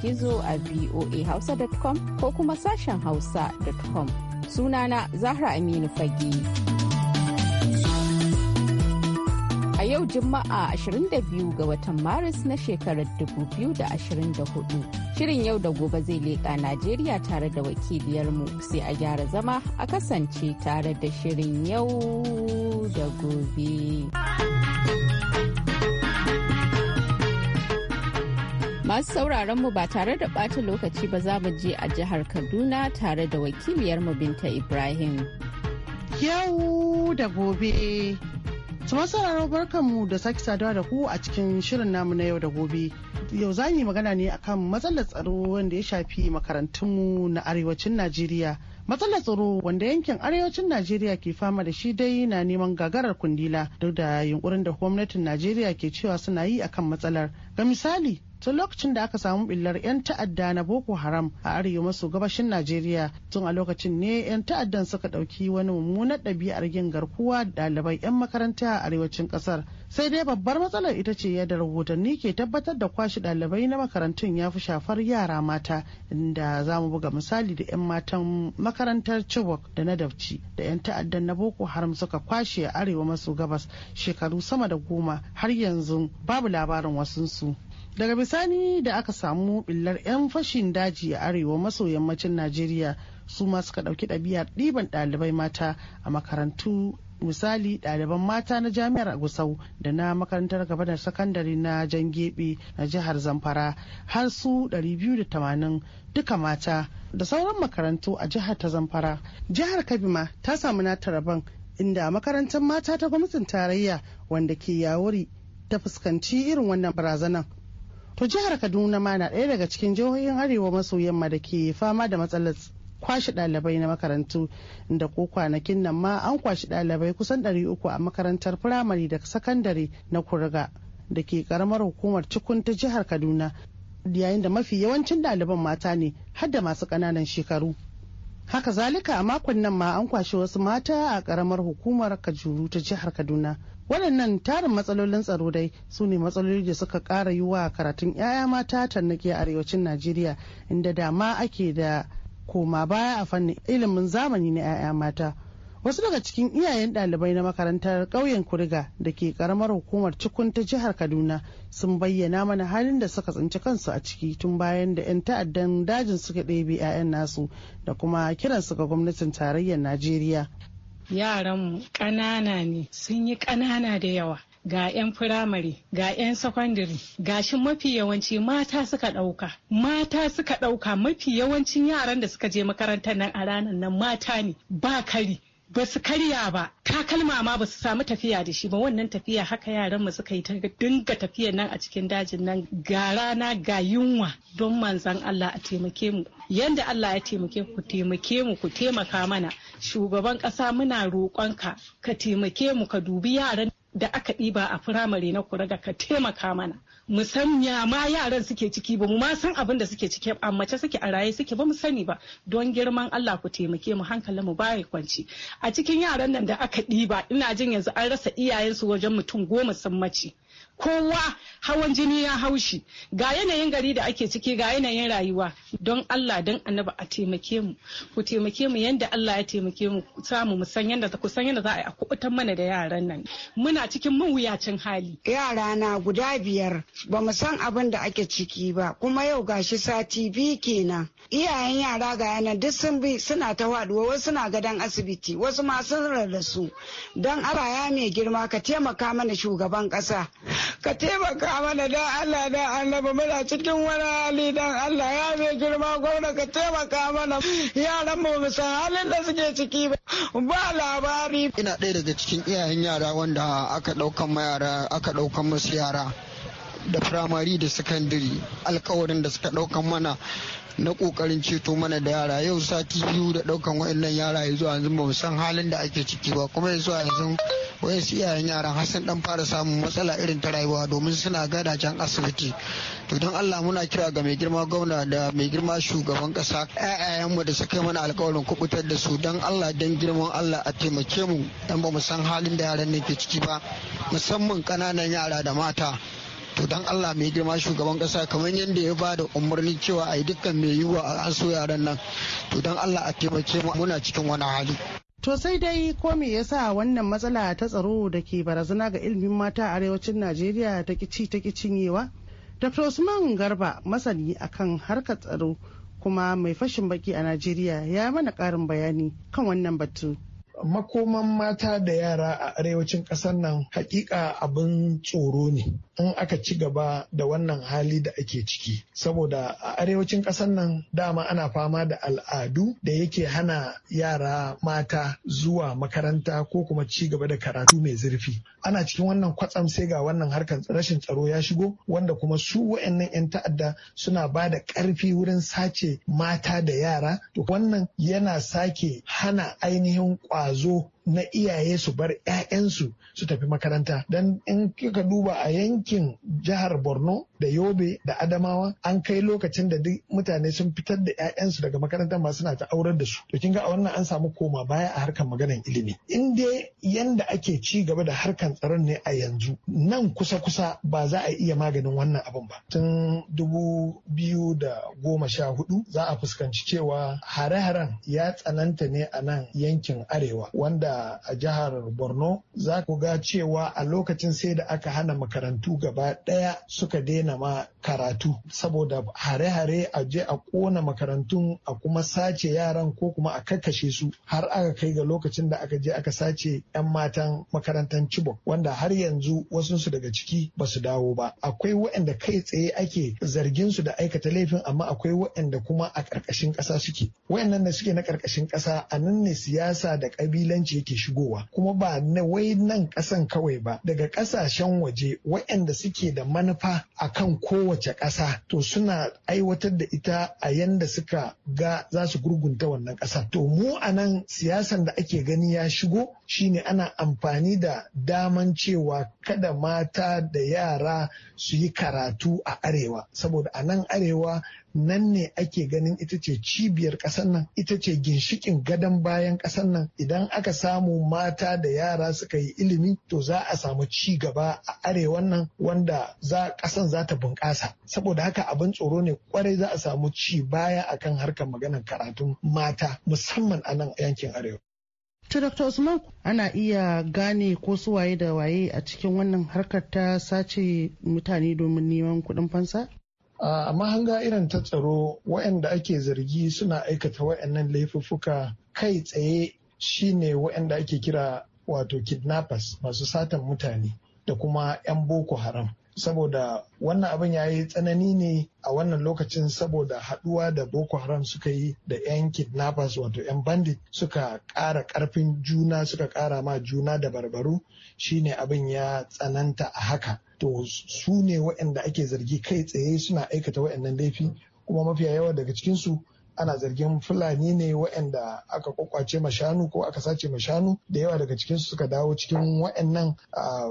gizo a voahausa.com ko kuma sashen hausa.com. Sunana Zahra Aminu Fage. a yau Juma'a 22 ga watan Maris na shekarar 2024. Shirin yau da gobe zai leƙa Najeriya tare da wakiliyarmu sai a gyara zama a kasance tare da shirin yau da gobe. Masu sauraron mu ba tare da ɓata lokaci ba za mu je a jihar Kaduna tare da wakiliyarmu Binta Ibrahim. Yau da gobe. sauraron barkan barkanmu da sake saduwa da ku a cikin shirin namu na yau da gobe. Yau za yi magana ne akan matsalar tsaro wanda ya shafi makarantunmu na arewacin Najeriya. matsalar tsaro wanda yankin arewacin najeriya ke fama da shi dai na neman gagarar kundila duk da yunkurin da gwamnatin najeriya ke cewa suna yi akan matsalar ga misali tun lokacin da aka samu billar 'yan ta'adda na boko haram a arewa maso gabashin najeriya tun a lokacin ne 'yan ta'addan suka ɗauki wani mummunar ɗabi'ar yin garkuwa ɗalibai 'yan makaranta a arewacin ƙasar sai dai babbar matsalar ita ce yadda rahotanni ke tabbatar da kwashe ɗalibai na makarantun ya fi shafar yara mata inda za mu buga misali da 'yan matan makarantar chibok da na dabci da 'yan ta'addan na boko haram suka kwashe a arewa maso gabas shekaru sama da goma har yanzu babu labarin wasunsu. daga bisani da aka samu billar 'yan fashin daji a arewa maso yammacin najeriya su ma suka ɗauki ɗabi'ar ɗiban ɗalibai mata a makarantu misali ɗaliban mata na jami'ar gusau da na makarantar gaba da sakandare na Jangebe na jihar zamfara har su 280 duka mata da sauran makarantu a jihar ta zamfara jihar kabima ta samu nata rabon inda makarantar mata ta gwamnatin tarayya wanda ke yawuri ta fuskanci irin wannan barazanar To jihar Kaduna ma na ɗaya daga cikin jihohin arewa maso yamma da ke fama da matsalar kwashe ɗalibai na makarantu da ko kwanakin nan ma an kwashi ɗalibai kusan uku a makarantar firamare da sakandare na kurga da ke karamar hukumar cikun ta jihar Kaduna yayin da mafi yawancin ɗaliban mata ne har da masu ƙananan shekaru. Haka zalika a makon nan ma an kwashi wasu mata a karamar hukumar Kajuru ta jihar Kaduna. waɗannan tarin matsalolin tsaro dai su ne matsaloli da suka ƙara yi wa karatun 'ya'ya mata tannaki a arewacin najeriya inda dama ake da koma baya a fannin ilimin zamani na 'ya'ya mata wasu daga cikin iyayen ɗalibai na makarantar ƙauyen kuriga da ke ƙaramar hukumar cikun ta jihar kaduna sun bayyana mana halin da suka tsinci kansu a ciki tun bayan da 'yan ta'addan dajin suka ɗebe 'ya'yan nasu da kuma kiransu ga gwamnatin tarayyar najeriya yaranmu ƙanana ne sun yi ƙanana da yawa ga 'yan firamare ga 'yan sakwandiri gashin mafi yawanci mata suka ɗauka mata suka ɗauka mafi yawancin yaran da suka je makarantar nan a ranar nan mata ne ba kari ba su karya ba takalma ma ba su samu tafiya da shi ba wannan tafiya haka yaran mu suka yi ta dinga tafiya nan a cikin dajin nan ga rana ga yunwa don manzan Allah a taimake mu yanda Allah ya taimake ku taimake mu ku taimaka mana shugaban kasa muna roƙonka ka taimake mu ka dubi yaran da aka ɗiba a firamare na kura da ka taimaka mana mu san ma yaran suke ciki ba mu ma san abin da suke ciki a mace suke a raye suke ba mu sani ba don girman Allah ku taimake mu hankalin mu baya kwanci a cikin yaran nan da aka ɗiba ina jin yanzu an rasa iyayensu wajen mutum goma sun mace kowa hawan jini ya haushi ga yanayin gari da ake ciki ga yanayin rayuwa don Allah don annaba a taimake mu ku taimake mu yanda Allah ya taimake mu samu mu yanda ku san yanda za a yi a mana da yaran nan muna cikin mawuyacin hali yara na guda biyar ba mu san abin da ake ciki ba kuma yau gashi sati biyu kenan iyayen yara ga yanan duk sun bi suna ta waduwa wasu suna gadon asibiti wasu ma sun rarrasu don Allah ya mai girma ka taimaka mana shugaban kasa ka taimaka mana don Allah dan annabi muna cikin wani hali don Allah ya mai girma gwamna ka taimaka mana yaran mu musan san halin da suke ciki ba ba labari ina ɗaya daga cikin iyayen yara wanda aka ɗaukan aka ɗaukan musu yara da firamare da sakandare alkawarin da suka ɗaukan mana na kokarin ceto mana da yara yau sati biyu da daukan waannan yara ya zuwa yanzu ba san halin da ake ciki ba kuma ya zuwa yanzu wayansu iyayen yaran Hassan dan fara samun matsala irin ta rayuwa domin suna gada can asibiti to don Allah muna kira ga mai girma gwamna da mai girma shugaban kasa ƴaƴayenmu da suka mana alkawarin kubutar da su don Allah don girman Allah a taimake mu dan ba mu san halin da yaran ne ke ciki ba musamman ƙananan yara da mata to dan Allah mai girma shugaban kasa kamar yadda ya ba da umarni cewa a yi dukkan mai yiwuwa a an so yaran nan to dan Allah a taimake mu muna cikin wani hali To sai dai ko me yasa wannan matsala ta tsaro da ke barazana ga ilimin mata a arewacin Najeriya ta kici ta cinyewa? Dr. Usman Garba masani akan harkar tsaro kuma mai fashin baki a Najeriya ya mana karin bayani kan wannan batu. makoman mata da yara a arewacin ƙasar nan hakika abin tsoro ne in aka ci gaba da wannan hali da ake ciki saboda a arewacin ƙasar nan dama ana fama da al'adu da yake hana yara mata zuwa makaranta ko kuma ci gaba da karatu mai zurfi ana cikin wannan kwatsam sai ga wannan harkar rashin tsaro ya shigo wanda kuma su wa'annan 'yan ta'adda suna ba da ƙarfi wurin sace mata da yara to wannan yana sake hana ainihin kwa a zo na iyaye su bar 'ya'yansu su tafi makaranta don in kika duba a yankin jihar borno da yobe da adamawa an kai lokacin da duk mutane sun fitar da 'ya'yansu daga makarantar ma suna ta aurar da su to kin ga a wannan an samu koma baya a harkar maganar ilimi in dai yanda ake ci gaba da harkar tsaron ne a yanzu nan kusa kusa ba za a iya maganin wannan abin ba tun dubu biyu da goma sha hudu za a fuskanci cewa hare-haren ya tsananta ne a nan yankin arewa wanda a jihar borno za ku ga cewa a lokacin sai da aka hana makarantu gaba ɗaya suka daina ma karatu saboda hare-hare a je a ƙona makarantun a kuma sace yaran ko kuma a kakkashe su har aka kai ga lokacin da aka je aka sace 'yan matan makarantar Chibok wanda har yanzu wasu su daga ciki ba su dawo ba akwai waɗanda kai tsaye ake zargin su da aikata laifin amma akwai waɗanda kuma a ƙarƙashin ƙasa suke waɗannan da suke na karkashin ƙasa a nan ne siyasa da ƙabilanci yake shigowa kuma ba na wai nan kasan kawai ba daga kasashen waje waɗanda suke da manufa a kan kowace ƙasa to suna aiwatar da ita a yanda suka ga za su gurgunta wannan ƙasa to mu a nan siyasan da ake gani ya shigo shine ana amfani da daman cewa kada mata da yara su yi karatu a arewa saboda a nan arewa nan ne ake ganin ita ce cibiyar ƙasar nan ita ce ginshikin gadon bayan ƙasar nan idan aka samu mata da yara suka yi ilimi to za a samu ci gaba a arewan nan wanda za ƙasan za ta bunƙasa saboda haka abin tsoro ne kwarai za a samu ci baya akan harkar maganar karatun mata musamman a nan yankin arewa To Dr. Usman ana iya gane ko su waye da waye a cikin wannan harkar ta sace mutane domin neman kuɗin fansa? a mahanga irin ta tsaro waɗanda ake zargi suna aikata waɗannan laifuffuka kai tsaye shine waɗanda ake kira wato kidnappers masu satan mutane da kuma 'yan boko haram saboda wannan abin ya yi tsanani ne a wannan lokacin saboda haduwa da boko haram suka yi da 'yan kidnappers wato 'yan bandit suka ƙara ƙarfin juna suka ƙara ma juna da barbaru shine abin ya tsananta a haka to su ne waɗanda ake zargi kai tsaye suna aikata waɗannan laifi kuma mafiya yawa daga cikinsu ana zargin fulani ne waɗanda aka kwakwace mashanu ko aka sace mashanu da yawa daga cikinsu suka dawo cikin waɗannan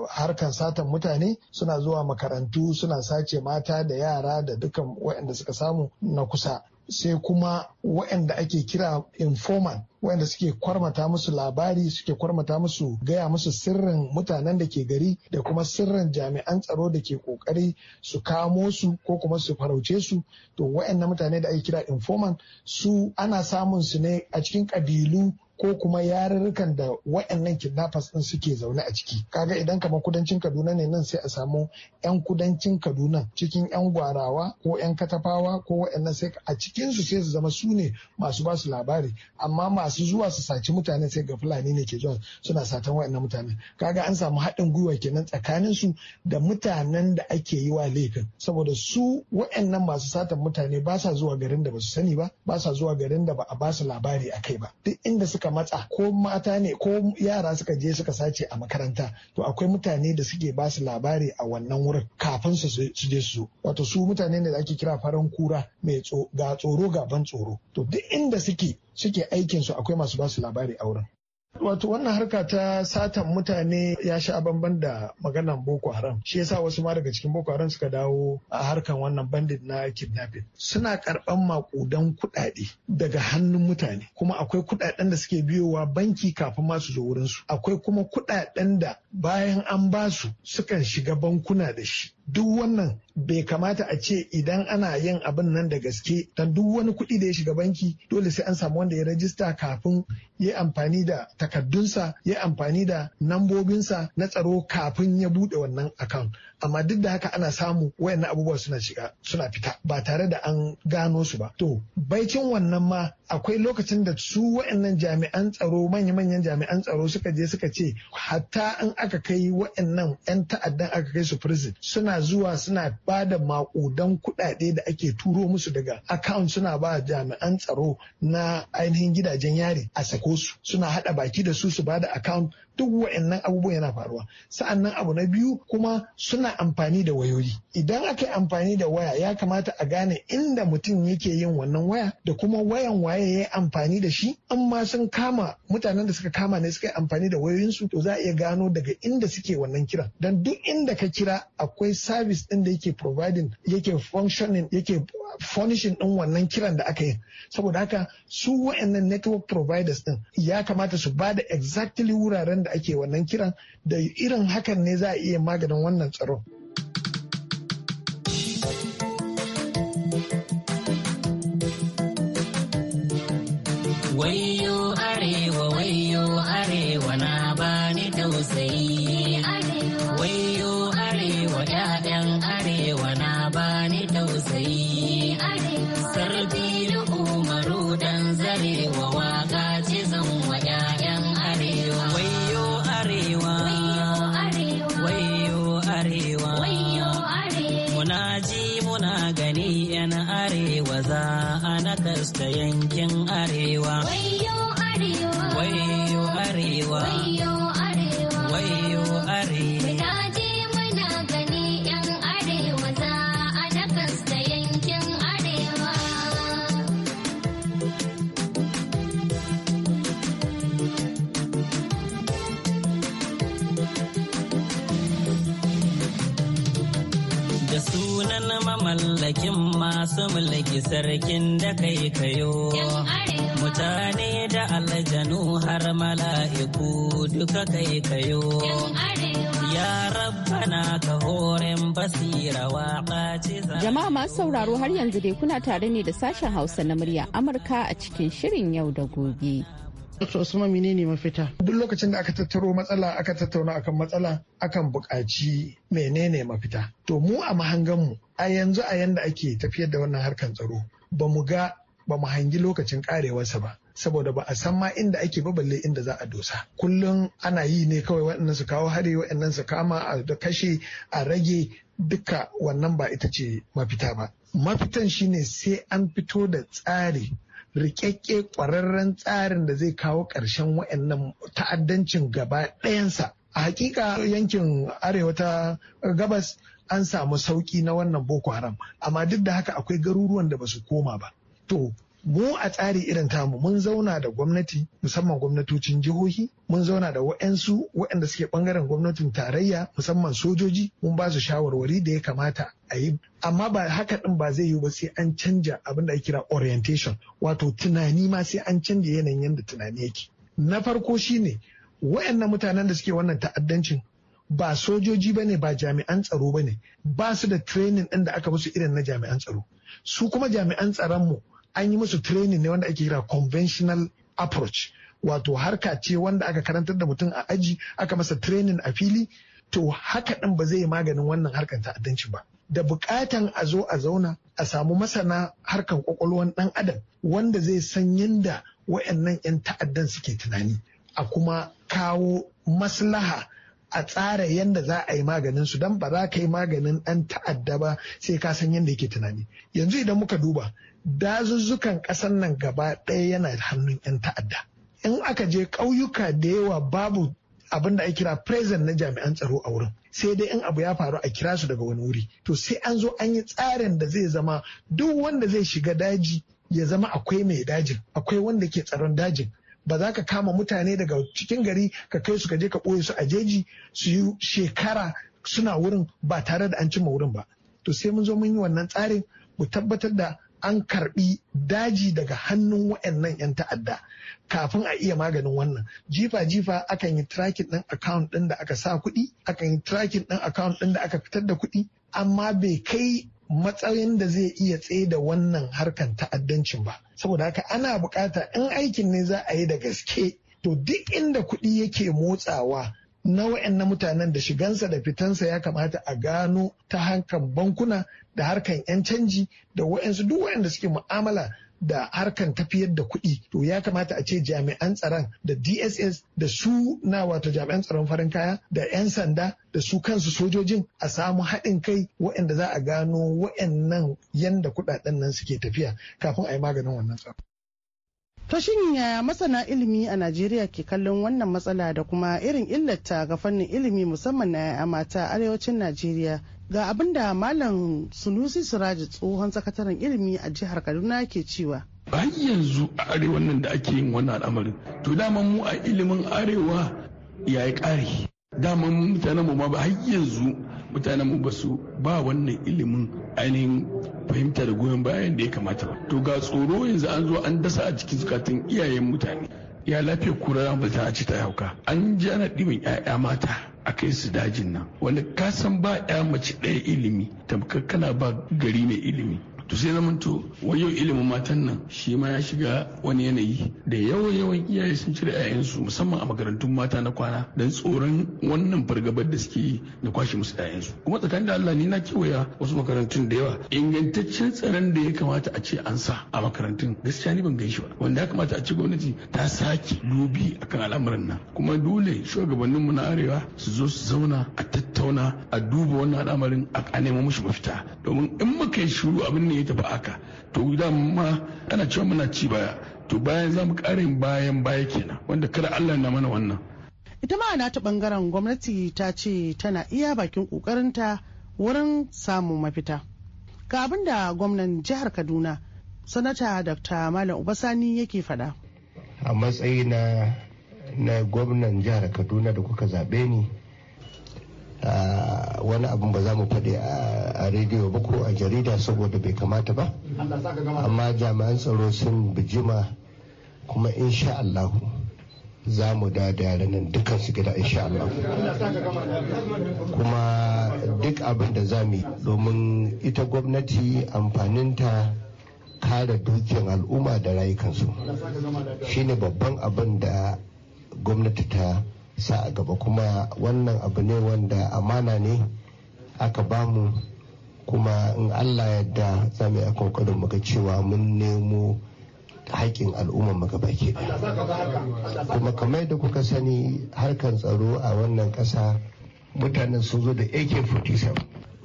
harkan satan mutane suna zuwa makarantu suna sace mata da yara da dukkan waɗanda suka samu na kusa sai kuma waɗanda ake kira informal waɗanda suke kwarmata musu labari suke kwarmata musu gaya musu sirrin mutanen da ke gari da kuma sirrin jami'an tsaro da ke kokari su kamo su ko kuma su farauce su to waɗanda mutane da ake kira informal su ana samun su ne a cikin ƙabilu ko kuma yarurrukan da waɗannan kidnappers ɗin suke zaune a ciki kaga idan kamar kudancin kaduna ne nan sai a samu 'yan kudancin kaduna cikin 'yan gwarawa ko 'yan katafawa ko waɗannan sai a cikinsu sai su zama su ne masu basu labari amma masu zuwa su saci mutane sai ga fulani ne ke zuwa suna satan waɗannan mutane kaga an samu haɗin gwiwa kenan tsakanin su da mutanen da ake yi wa laifin saboda su waɗannan masu satan mutane ba sa zuwa garin da ba su sani ba ba sa zuwa garin da ba a ba su labari a kai ba duk inda suka matsa ko mata ne ko yara suka je suka sace a makaranta to akwai mutane da suke ba su labari a wannan wurin kafin su su je su wato su mutane ne da ake kira farin kura mai ga tsoro gaban tsoro to duk inda suke suke aikin su akwai masu ba su labari a wurin Wato wannan harka ta satan mutane ya sha banban da maganan Boko Haram. Shi yasa wasu ma daga cikin Boko Haram suka dawo a harkan wannan bandit na kidnapping. Suna karɓan makudan kuɗaɗe daga hannun mutane. Kuma akwai kuɗaɗen da suke biyowa banki kafin ma su zo wurin su. Akwai kuma kuɗaɗen da bayan an basu sukan shiga bankuna da shi. duk wannan bai kamata a ce idan ana yin abin nan da gaske dan duk wani kuɗi da ya shiga banki dole sai an samu wanda ya rajista kafin ya amfani da takardunsa ya amfani da nambobinsa na tsaro kafin ya buɗe wannan account amma duk da haka ana samu wayannan abubuwa suna shiga suna fita ba tare da an gano su ba to baikin wannan ma akwai lokacin da su wayannan jami'an tsaro manya-manyan jami'an tsaro suka je suka ce hatta in aka kai wayannan 'yan ta'addan aka kai su prison suna zuwa suna ba da makudan kuɗaɗe da ake turo musu daga account suna ba jami'an tsaro na ainihin gidajen yari a sako su suna haɗa baki da su su ba da account duk wa'annan abubuwan yana faruwa sa'annan abu na biyu kuma suna amfani da wayoyi idan aka yi amfani da waya ya kamata a gane inda mutum yake yin wannan waya da kuma wayan waye ya yi amfani da shi in ma sun kama mutanen da suka kama ne suka yi amfani da wayoyinsu to za a iya gano daga inda suke wannan kiran dan duk inda ka kira akwai service din da yake providing yake functioning yake furnishing din wannan kiran da aka yi saboda haka su wa'annan network providers din ya kamata su ba da exactly wuraren da ake wannan kiran da irin hakan ne za a iya maganin wannan tsaron. Wai sunan mamallakin masu mulki sarkin da kai kayo. Mutane da aljanu har mala'iku duka kai kayo. Ya rabbana ka horen basira wa ɓaci Jama'a masu sauraro har yanzu dai kuna tare ne da sashen Hausa na murya Amurka a cikin shirin yau da gobe. Dr. Usman menene mafita? Duk lokacin da aka tattaro matsala aka tattauna akan matsala akan buƙaci menene mafita. To mu a mahanganmu a yanzu a yanda ake tafiyar da wannan harkan tsaro ba mu ga ba mu hangi lokacin karewarsa ba. saboda ba a san ma inda ake ba balle inda za a dosa kullum ana yi ne kawai waɗannan su kawo hari waɗannan su kama a kashe a rage duka wannan ba ita ce mafita ba mafitan shine sai an fito da tsari rikakke ƙwararren tsarin da zai kawo ƙarshen wayannan ta'addancin gaba ɗayansa a hakika yankin arewa ta gabas an samu sauƙi na wannan boko haram amma duk da haka akwai garuruwan da ba su koma ba to mu a tsari irin tamu mun zauna da gwamnati musamman gwamnatocin jihohi mun zauna da wa'ansu waɗanda suke bangaren gwamnatin tarayya musamman sojoji mun ba su shawarwari da ya kamata a yi amma ba haka din ba zai yiwu ba sai an canja abin da ake kira orientation wato tunani ma sai an canja yanayin yadda tunani yake na farko shine wa'annan mutanen da suke wannan ta'addancin ba sojoji ba ne ba jami'an tsaro ba ne ba su da training ɗin da aka musu irin na jami'an tsaro su kuma jami'an tsaron mu an yi musu training ne wanda ake kira conventional approach wato harka ce wanda aka karantar da mutum a aji aka masa training a fili to haka ɗin ba zai maganin wannan harkar ta'addanci ba da bukatan a zo a zauna a samu masana harkar kwakwalwan ɗan adam wanda zai san yadda wayannan 'yan ta'addan suke tunani a kuma kawo maslaha a tsara yadda za a yi maganin su don ba za ka yi maganin ɗan ta'adda ba sai ka san yadda yake tunani yanzu idan muka duba dazuzzukan ƙasar nan gaba ɗaya yana hannun 'yan ta'adda in aka je ƙauyuka da yawa babu abin da ake kira present na jami'an tsaro a wurin sai dai in abu ya faru a kira su daga wani wuri to sai an zo an yi tsarin da zai zama duk wanda zai shiga daji ya zama akwai mai dajin akwai wanda ke tsaron dajin ba za ka kama mutane daga cikin gari ka kai su ka je ka ɓoye su a jeji su yi shekara suna wurin ba tare da an cimma wurin ba to sai mun zo mun yi wannan tsarin mu tabbatar da an karbi daji daga hannun wa'annan 'yan ta'adda kafin a iya maganin wannan jifa-jifa akan yi tracking ɗin account ɗin da aka sa kuɗi akan yi tracking ɗin account ɗin da aka fitar da kuɗi amma bai kai matsayin da zai iya tsaye da wannan harkan ta'addancin ba saboda haka ana bukata in aikin ne za a yi da gaske to duk inda kuɗi yake motsawa na wa'annan mutanen da shigansa da fitansa ya kamata a gano ta harkan bankuna da harkan 'yan canji da wa'ansu duk wa'anda suke mu'amala da harkan tafiyar da kuɗi to ya kamata a ce jami'an tsaron da dss da su na wato jami'an tsaron farin kaya da 'yan sanda da su kansu sojojin a samu haɗin kai da za a gano waɗannan yanda kuɗaɗen nan suke tafiya kafin a yi maganin wannan tsaron. To shin yaya masana ilimi a Najeriya ke kallon wannan matsala da kuma irin illata ga fannin ilimi musamman na 'ya'ya mata arewacin Najeriya ga abin da Malam Sunusi Siraji tsohon sakataren ilimi a jihar Kaduna ke cewa. Har yanzu a arewan nan da ake yin wannan al'amarin. To dama mu a ilimin arewa ya yi ƙari. Dama mutanen mu ma ba har yanzu mutanen mu basu ba wannan ilimin ainihin fahimta da goyon bayan da ya kamata ba to ga tsoro yanzu an zo an dasa a cikin zukatun iyayen mutane ya lafiyar kura bata ta ci ta hauka an ji ana ɗiban 'ya'ya mata a kai su dajin nan wanda ka san ba 'ya mace ɗaya ilimi tamkar kana ba gari mai ilimi to sai zamanto wayo ilimin matan nan shi ma ya shiga wani yanayi da yawan yawan iyaye sun cire 'ya'yansu musamman a makarantun mata na kwana don tsoron wannan fargabar da suke yi da kwashe musu 'ya'yansu kuma tsakanin da Allah ni na kewaya wasu makarantun da yawa ingantaccen tsaron da ya kamata a ce an sa a makarantun gaskiya ni ban gan shi ba wanda ya kamata a ce gwamnati ta sake dubi akan al'amuran nan kuma dole shugabanninmu na arewa su zo su zauna a tattauna a duba wannan al'amarin a nemo mushi mafita domin in muka yi shiru abin ne ta tafi aka to ma ana cewa muna ci baya to bayan za mu karin bayan baya kenan wanda kada allah na mana wannan ita ma na ta bangaren gwamnati ta ce tana iya bakin kokarinta wurin samun mafita ga abin da gwamnan jihar kaduna sanata dr malam ubasani yake fada a matsayi na gwamnan jihar kaduna da kuka zabe ni wani abin ba za mu faɗi a rediyo ba ko a jarida saboda bai kamata ba amma jami'an tsaro sun bijima kuma insha Allah za mu da nan dukkan su gida insha Allah kuma duk abin da za mu domin ita gwamnati amfaninta kare dukiyar al'umma da rayukansu shine babban abin da gwamnati ta sa a gaba kuma wannan abu ne wanda amana ne aka bamu kuma in allah yadda za mu yi muga cewa mun nemo haƙƙin al'umma mu baki kuma kamar da kuka sani harkar tsaro a wannan ƙasa mutanen sun zo da ak-47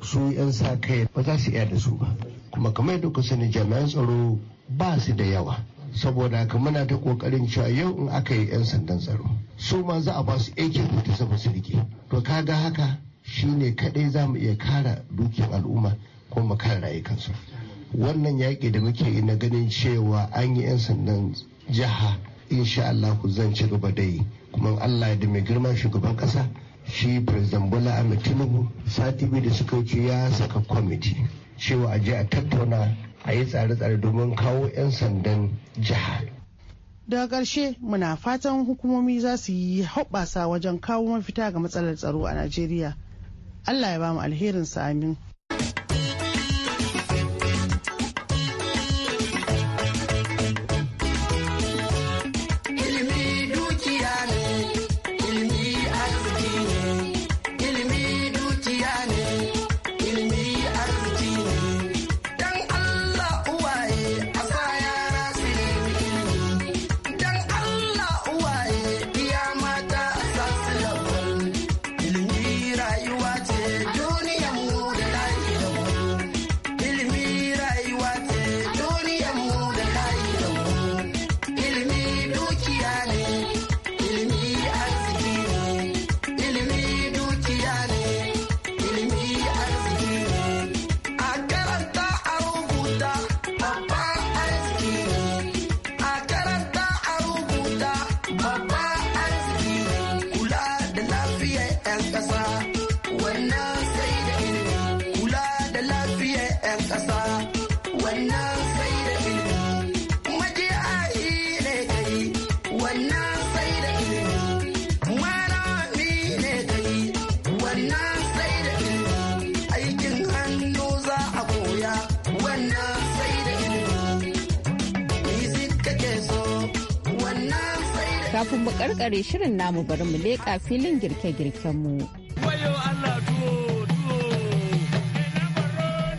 su 'yan sa kai ba za su iya da su ba kuma kamar da kuka sani jami'an tsaro ba su da yawa saboda ka muna ta kokarin cewa yau in aka yi 'yan sandan tsaro su ma za a ba su ak su rike to ga haka shine kadai za mu iya kara dukin al'umma ko mu kare rayukansu wannan yaƙi da muke yi na ganin cewa an yi 'yan sandan jiha insha Allah zan ci gaba da yi kuma Allah da mai girman shugaban ƙasa shi president Bola Ahmed Tinubu sati biyu da suka wuce ya saka kwamiti cewa a je a tattauna a yi tsare-tsare domin kawo 'yan sandan jiha daga ƙarshe muna fatan hukumomi za su yi hoɓɓasa wajen kawo mafita ga matsalar tsaro a najeriya allah ya ba mu sa amin kafin mu karkare shirin namu bari mu leƙa filin girke-girken mu.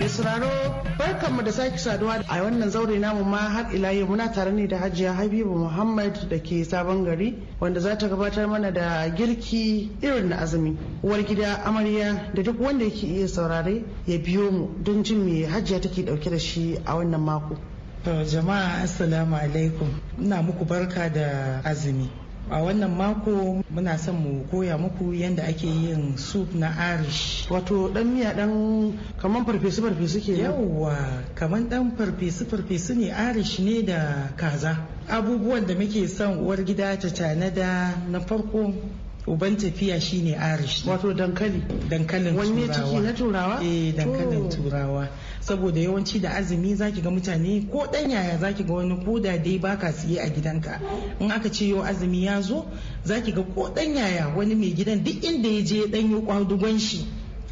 sauraro mu da sake saduwa a wannan zaure namu ma har ila yau muna tare ne da hajiya habibu muhammad da ke sabon gari wanda za ta gabatar mana da girki irin na azumi uwar gida amarya da duk wanda yake iya saurare ya biyo mu don jin me hajiya take dauke da shi a wannan mako To jama'a assalamu alaikum. Ina muku barka da azumi. A wannan mako muna son mu koya muku yadda ake yin soup na Irish. Wato dan miya dan kaman farfesu farfesu ke Yawwa, kaman dan farfesu farfesu ne Irish ne da kaza. Abubuwan da muke son uwar gida ta tanada na farko uban tafiya shine Irish. Wato dankali. Dankalin turawa. Wanne ciki na turawa? Eh, dankalin turawa. saboda yawanci da azumi zaki ga mutane ko dan yaya zaki ga wani ko da dai baka siye a gidanka in aka ce yau azumi ya zo zaki ga ko dan yaya wani mai gidan duk inda ya je dan yi kwadugon shi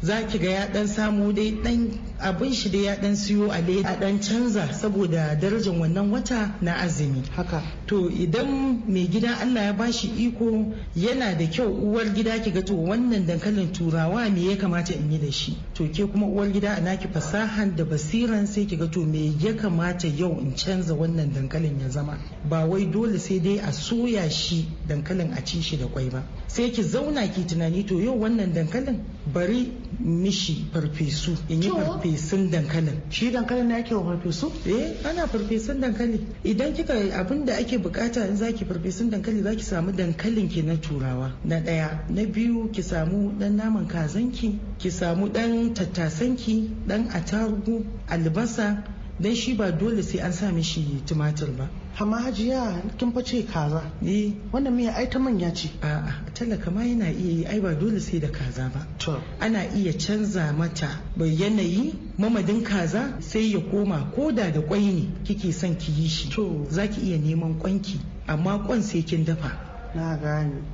za ki ga ya dan samu dai dan abin shi dai ya dan siyo a leda dan canza saboda darajar wannan wata na azumi haka to idan mai gida Allah ya ba shi iko yana da kyau uwar gida ki ga to wannan dankalin turawa me ya kamata in yi da shi to ke kuma uwar gida a naki fasahan da basiran sai ki ga to me ya kamata yau in canza wannan dankalin ya zama ba wai dole sai dai a soya shi dankalin a ci shi da kwai ba sai ki zauna ki tunani to yau wannan dankalin bari mishi farfesu in yi farfesun dankalin shi dankalin na wa farfesu eh ana farfesun dankali idan kika abin da ake bukata in zaki farfesun dankali zaki samu dankalin ki na turawa na daya na biyu ki samu dan naman kazanki ki samu dan tattasanki dan atarugu albasa dan shi ba dole sai an sa mishi tumatir ba amma hajiya kin fa kaza Ni. Eh. wannan miya ai ta manya ce a'a talaka ma yana iya yi ai ba dole sai da kaza ba to ana iya canza mata yanayi mamadin kaza sai ya koma koda da kwai ne kike son ki yi shi to zaki iya neman kwanki amma kwan sai kin dafa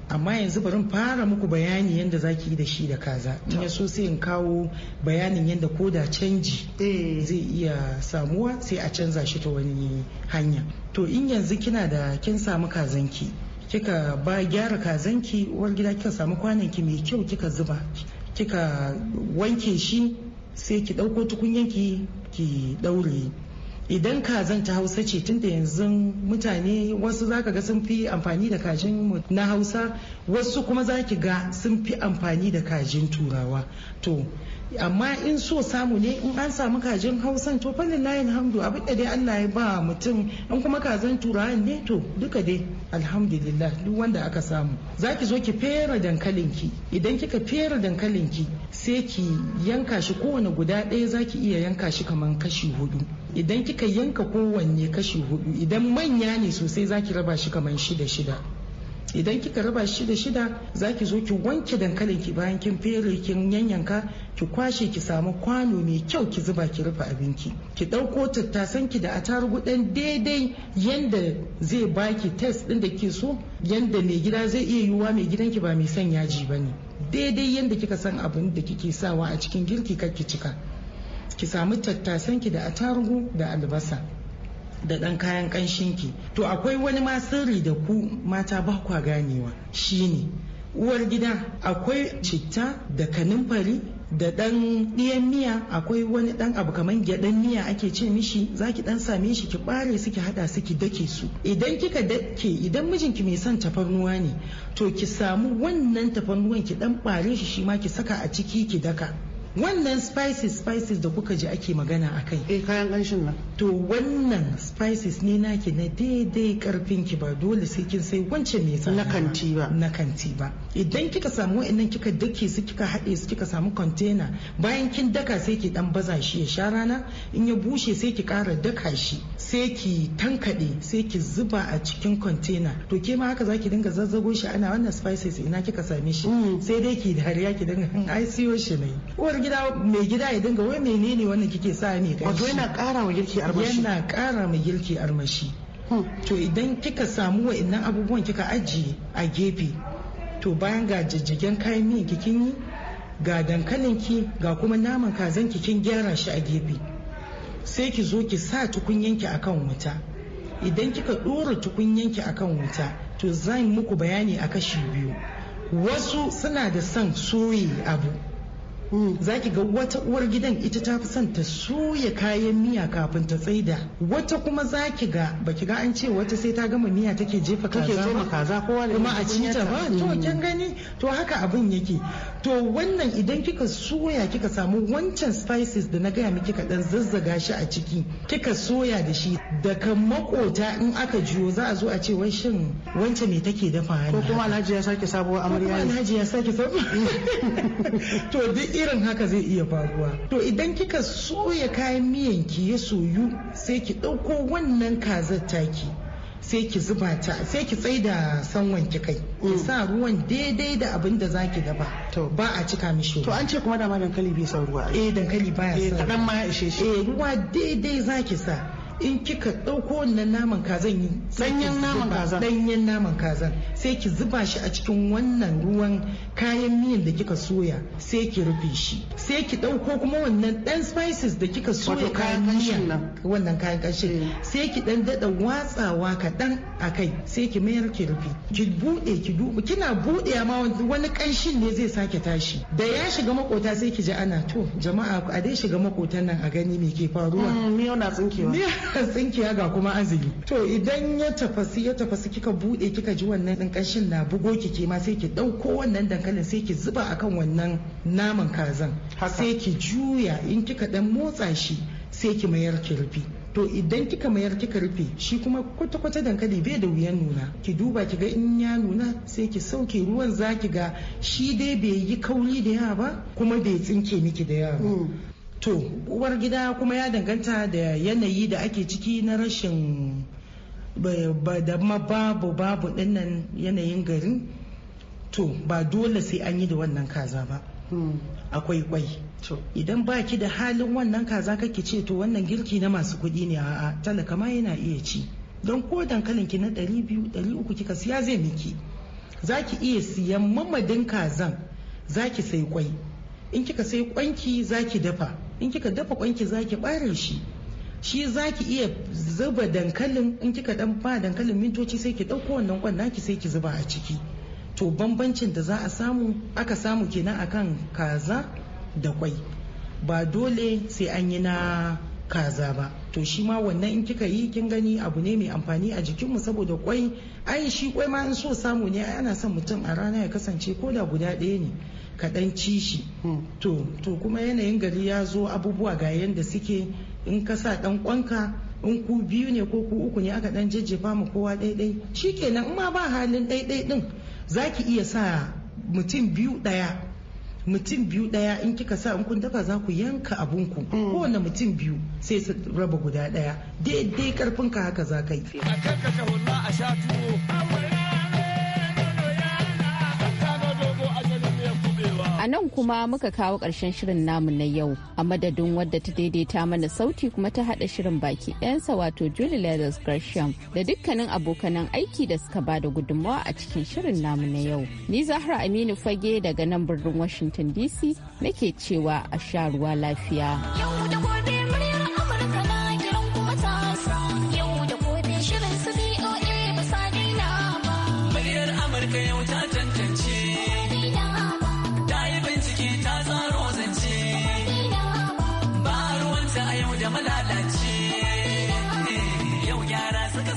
amma yanzu bari in fara muku bayani yadda zaki yi da shi da kaza in ya so sai in kawo bayanin yadda ko da canji eh. zai iya samuwa sai a canza shi ta wani hanya to in yanzu kina da kin samu kazanki kika ba gyara kazanki uwar gida kika samu kwananki mai kyau kika zuba kika wanke shi sai ki ɗauko tukunyanki ki ɗaure idan kazan ta hausa ce tunda yanzu mutane wasu zaka ga sun fi amfani da kajin na hausa wasu kuma zaki ga sun fi amfani da kajin turawa to amma in so samu ne in an samu kajin hausan to fannin layin hamdu abu da dai allah ya ba mutum in kuma kazan turawa ne to duka dai alhamdulillah duk wanda aka samu za ki zo ki fera ki idan kika fera ki sai ki yanka shi kowane guda ɗaya za ki iya yanka shi kamar kashi hudu idan kika yanka kowanne kashi hudu idan manya ne sosai za ki raba shi kamar shida shida idan kika raba shi da shida za ki zo ki wanke dankalin ki bayan kin fere kin yanyanka ki kwashe ki samu kwano mai kyau ki zuba ki rufe abinki ki ɗauko tattasan ki da atarugu ɗan daidai yanda zai baki test ɗin da ke so yanda mai gida zai iya yiwuwa mai ki ba mai son yaji ba ne daidai yanda kika san abin da kike sawa a cikin girki ki cika ki samu tattasanki da atarugu da albasa da ɗan kayan ƙanshinki to akwai wani ma sirri da ku mata ba kwa ganewa shine uwar gida akwai citta da kanumfari da ɗan ɗiyan miya akwai wani ɗan abu kamar gyaɗan miya ake ce mishi zaki ɗan same shi ki ɓare su ki haɗa su ki dake su idan kika dake idan mijinki mai son tafarnuwa ne to ki samu wannan tafarnuwan ki ɗan ɓare shi shi ma ki saka a ciki ki daka wannan spices spices da kuka ji ake magana a kai eh kayan kanshin nan to wannan spices ne naki na daidai karfin ki ba dole sai kin sai wance mai sa na kanti ba na kanti ba idan kika samu wa'annan kika dake su kika haɗe su kika samu container bayan kin daka sai ki dan baza shi ya sha rana in ya bushe sai ki kara daka shi sai ki tankade sai ki zuba a cikin container to ke ma haka zaki dinga zazzago shi ana wannan spices ina kika same shi mm. sai dai ki dariya ki dinga an hmm, ai siyo shi ne gida mai gida ya dinga wai menene wannan kike sa ne kai wato yana ƙara wa girki armashi yana kara ma girki armashi hmm. to idan kika samu wa'annan abubuwan kika ajiye a gefe to bayan ga jijjigen kayan miyan kikin yi ga dankalin ki ga kuma naman kazan kin gyara shi a gefe sai ki zo ki sa ki akan wuta idan kika ɗora ki akan wuta to zan muku bayani a kashi biyu wasu suna da son soye abu za ki ga wata uwar gidan ita ta fi son ta soya kayan miya kafin ta tsaida wata kuma za ki ga baki ga an ce wata sai ta gama miya take jefa kaza kuma a ci ta ba to mm. kin gani to haka abin yake to wannan idan kika soya kika samu wancan spices da na gaya miki dan zazzaga shi a ciki kika soya da shi daga makota in aka jiyo za a zo a ce wai shin wancan me take dafa ko kuma alhaji ya sake sabuwar amarya kuma alhaji ya sake sabuwar to duk irin haka zai iya faruwa to idan kika soya kayan miyan ki ya soyu sai ki ɗauko wannan kazar taki sai ki zuba ta sai ki tsai da sanwan ki kai ki mm. sa ruwan daidai da abin da zaki to ba a cika mishi to an ce kuma da ma dankali bai sa ruwa eh dankali baya eh, sa eh kadan ma ya ishe shi eh ruwa daidai zaki sa in kika ɗauko wannan naman kazan yi ɗanyen naman kazan ɗanyen naman kazan sai ki zuba shi a cikin wannan ruwan kayan miyan da kika soya sai ki rufe shi sai ki ɗauko kuma wannan ɗan spices da kika soya kayan miyan wannan kayan ƙanshin eh. sai ki ɗan daɗa watsawa kaɗan a kai sai ki mayar ki rufe ki buɗe ki duba kina buɗe ma wani ƙanshin ne zai sake tashi da ya shiga makota sai ki ji ana to jama'a a dai shiga makotan nan a gani me ke faruwa. Mm, yau na tsinkewa. kan tsinkiya ga kuma azumi to idan ya tafasi ya tafasi kika bude kika ji wannan din kanshin na bugo ki ke ma sai ki dauko wannan dankalin sai ki zuba akan wannan naman kazan sai ki juya in kika dan motsa shi sai ki mayar ki rufi to idan kika mayar kika rufe shi kuma kwata-kwata dankali bai da wuyan nuna ki duba ki ga in ya nuna sai ki sauke ruwan zaki ga shi dai bai yi kauri da yawa ba kuma bai tsinke miki da yawa ba mm. To, uwar gida kuma ya danganta da yanayi da ake ciki na rashin da babu babu dinnan yanayin garin. To, ba dole sai an yi da wannan kaza ba. Hmm. Akwai kwai. Idan ba da halin wannan kaza kake ce to wannan girki na masu kuɗi ne a talaka ma yana iya ci. Don ko dankalin ki na ɗari biyu, ɗari uku kika siya zai miki. Za ki iya siyan mamadin kazan, za ki sai kwai. In kika sai kwanki za ki dafa. in kika dafa kwanki zaki ɓare shi shi zaki iya zuba dankalin in kika dan ba dankalin mintoci sai ki ɗauko wannan kwan naki sai ki zuba a ciki to bambancin da za a samu aka samu kenan akan kaza da kwai ba dole sai an yi na kaza ba to shi ma wannan in kika yi kin gani abu ne mai amfani a jikinmu saboda kwai ai shi kwai ma in so samu ne ana son mutum a rana ya kasance ko da guda ɗaya ne kaɗan ci shi hmm. to kuma yanayin gari ya zo abubuwa ga yadda suke in ka sa ɗan kwanka in ku biyu ne ko ku uku ne aka ɗan jajjefa mu kowa ɗaiɗai shikenan in ma ba halin ɗaiɗai ɗin za ki iya sa mutum biyu ɗaya mutum biyu daya in kika sa in kun dafa za ku yanka abunku hmm. kowane mutum biyu sai su raba guda ɗaya daidai karfinka haka za ka yi A nan kuma muka kawo ƙarshen shirin namu na yau a madadin wadda ta daidaita mana sauti kuma ta haɗa shirin baki ɗansa wato Julie Leathers Gresham da dukkanin abokanan aiki da suka bada gudunmawa a cikin shirin namu na yau. Ni Zahra Aminu Fage daga nan birnin Washington DC nake cewa a sha ruwa lafiya. Yau